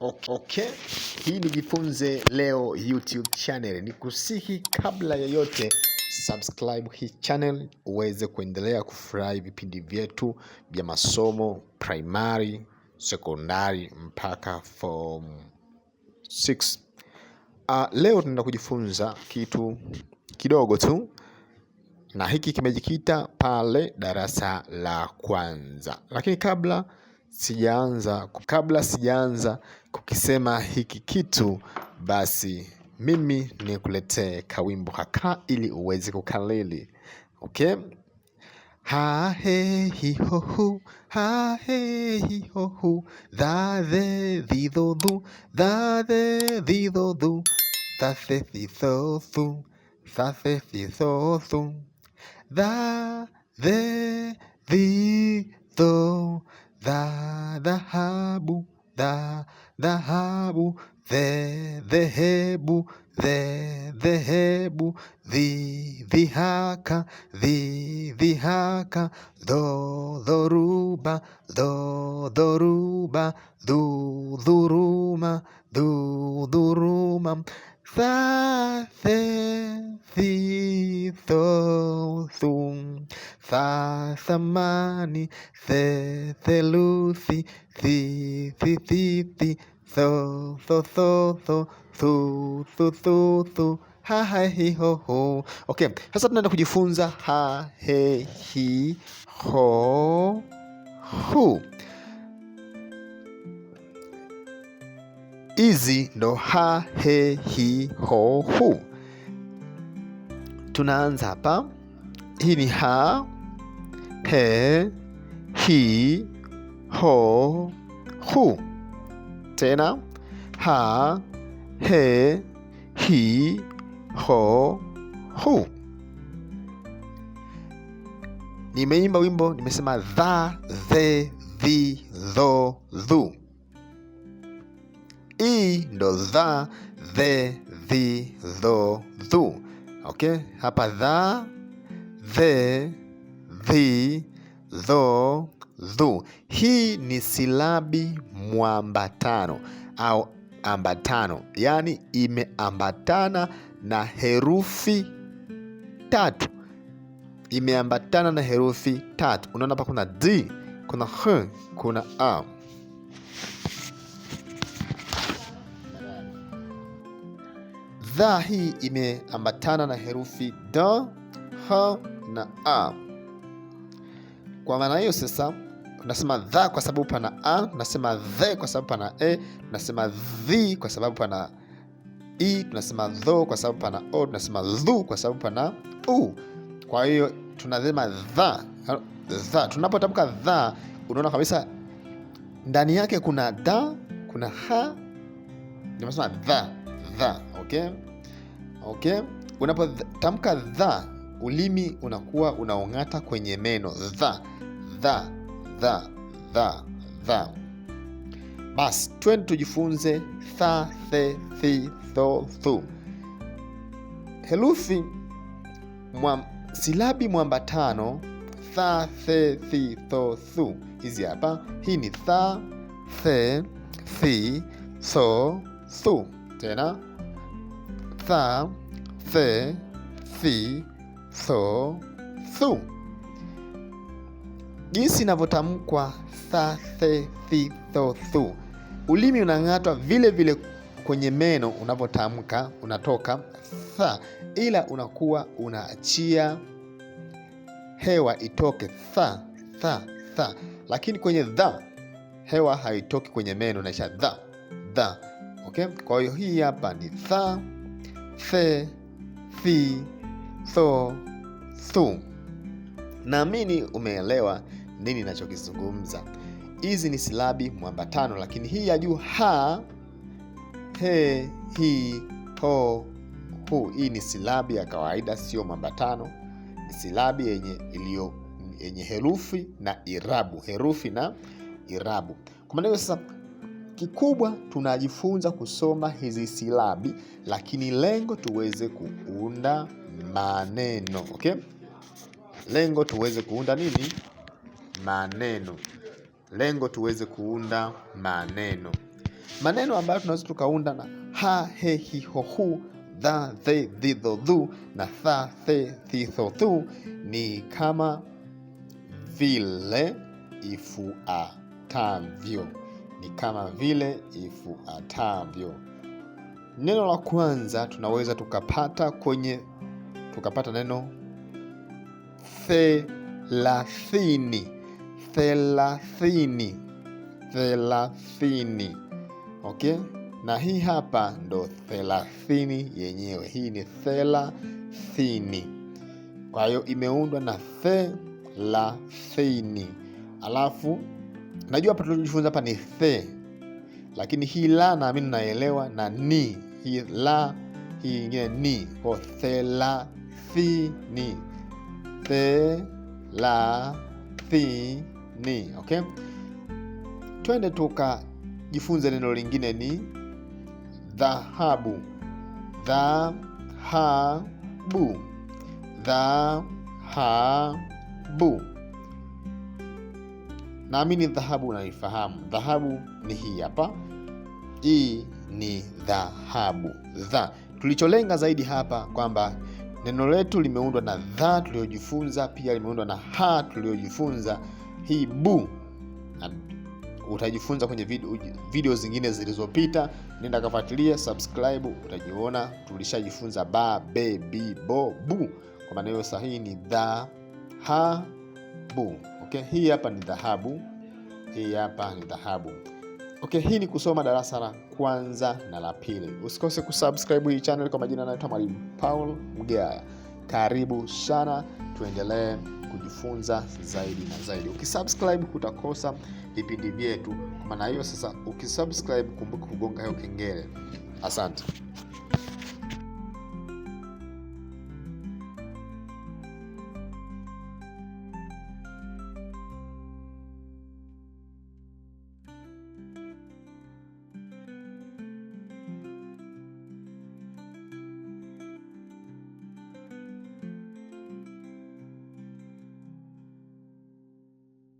Okay, hii ni Jifunze Leo YouTube channel. Ni kusihi kabla yoyote subscribe hii channel uweze kuendelea kufurahi vipindi vyetu vya masomo primary, sekondari mpaka form 6. Uh, ah, leo tunaenda kujifunza kitu kidogo tu na hiki kimejikita pale darasa la kwanza, lakini kabla sijaanza kabla sijaanza kukisema hiki kitu, basi mimi nikuletee kawimbo haka ili uweze kukalili. Okay, ha he hi ho hu ha he hi ho hu dha dhe dhi dho dhu dha dhe dhi dho dhu dha the thi tho thu dha the thi tho thu dha dhe dhi dho habu, dhahabu dha dhahabu the dhehebu the dhehebu the dhihaka the dhihaka dho dhoruba dho dhoruba dhu dhuruma dhu dhuruma Tha, the, thi, tho, thum. Tha, thamani, the, theluthi, thi, thi, thi, thi. Tho, tho, tho, tho, thu, thu, Ha, ha, hi, ho, ho. Okay, sasa tunaenda kujifunza ha, he, hi, ho, hu. hizi ndo ha, he, hi, ho, hu. Tunaanza hapa. Hii ni ha, he, hi, ho, hu. Tena ha, he, hi, ho, hu. Nimeimba wimbo nimesema dha, the, dhi dho, dhu i e ndo dha, the, dhi, dho, dhu. Okay, hapa dha, the, dhi, dho, dhu. Hii ni silabi mwambatano au ambatano, yaani imeambatana na herufi tatu, imeambatana na herufi tatu. Unaona hapa kuna d, kuna h, kuna a. dha hii imeambatana na herufi d, h na a. Kwa maana hiyo sasa tunasema dha kwa sababu pana a, tunasema the kwa sababu pana e, tunasema dhi kwa sababu pana i, tunasema dho kwa sababu pana o, tunasema dhu kwa sababu pana u. Kwa hiyo tunasema dha dha. Tunapotamka dha, unaona kabisa ndani yake kuna da, kuna ha, tunasema dha dha okay? Okay? Unapotamka dha, ulimi unakuwa unaong'ata kwenye meno dha, dha, dha, dha, dha. Basi twende tujifunze tha, the, thi, tho, thu. Herufi mwam, silabi mwambatano tha, the, thi, tho, thu. Hizi hapa, hii ni tha, the, thi, tho, thu. Tena θα, θε, θη, θο, θου. Jinsi inavyotamkwa tha, the, thi, tho, thu, ulimi unang'atwa vile vile kwenye meno unavyotamka, unatoka tha, ila unakuwa unaachia hewa itoke tha, tha, tha. Lakini kwenye dha hewa haitoki kwenye meno, unaisha dha, dha. Okay, kwa hiyo hii hapa ni tha the, thi, tho, thu. Naamini umeelewa nini ninachokizungumza. Hizi ni silabi mwambatano, lakini hii ya juu ha, he, hi, ho, hu, hii ni silabi ya kawaida, sio mwambatano. Ni silabi yenye iliyo yenye herufi na irabu, herufi na irabu. Kwa maana hiyo sasa Kikubwa tunajifunza kusoma hizi silabi, lakini lengo tuweze kuunda maneno okay? Lengo tuweze kuunda nini? Maneno. Lengo tuweze kuunda maneno, maneno ambayo tunaweza tukaunda na ha he hi ho hu dha the dhi dho dhu na tha the thi tho thu ni kama vile ifuatavyo ni kama vile ifuatavyo. Neno la kwanza tunaweza tukapata kwenye tukapata neno thelathini, thelathini, thelathini. Okay, na hii hapa ndo thelathini yenyewe. Hii ni thelathini, kwa hiyo imeundwa na thelathini alafu najua hapa tunajifunza hapa ni the, lakini hii la naamini naelewa na ni hii la hii ingine ni kwa the la thi ni the la thi ni. Okay, twende tukajifunze neno lingine ni dhahabu. Dhahabu, dhahabu Naamini dhahabu unaifahamu. Dhahabu ni hii hapa, hii ni dhahabu dha. Tulicholenga zaidi hapa kwamba neno letu limeundwa na dha tuliyojifunza, pia limeundwa na ha tuliyojifunza, hii bu utajifunza kwenye video, video zingine zilizopita. Nenda kafuatilia, subscribe, utajiona tulishajifunza ba be bi bo bu. Kwa maana hiyo sahihi ni dha ha bu. Okay, hii hapa ni dhahabu, hii hapa ni dhahabu. Okay, hii ni kusoma darasa la kwanza na la pili. Usikose kusubscribe hii channel. Kwa majina anaitwa Mwalimu Paul Mgaya. Karibu sana, tuendelee kujifunza zaidi na zaidi. Ukisubscribe hutakosa vipindi vyetu. Kwa maana hiyo sasa, ukisubscribe kumbuka kugonga hiyo kengele. Asante.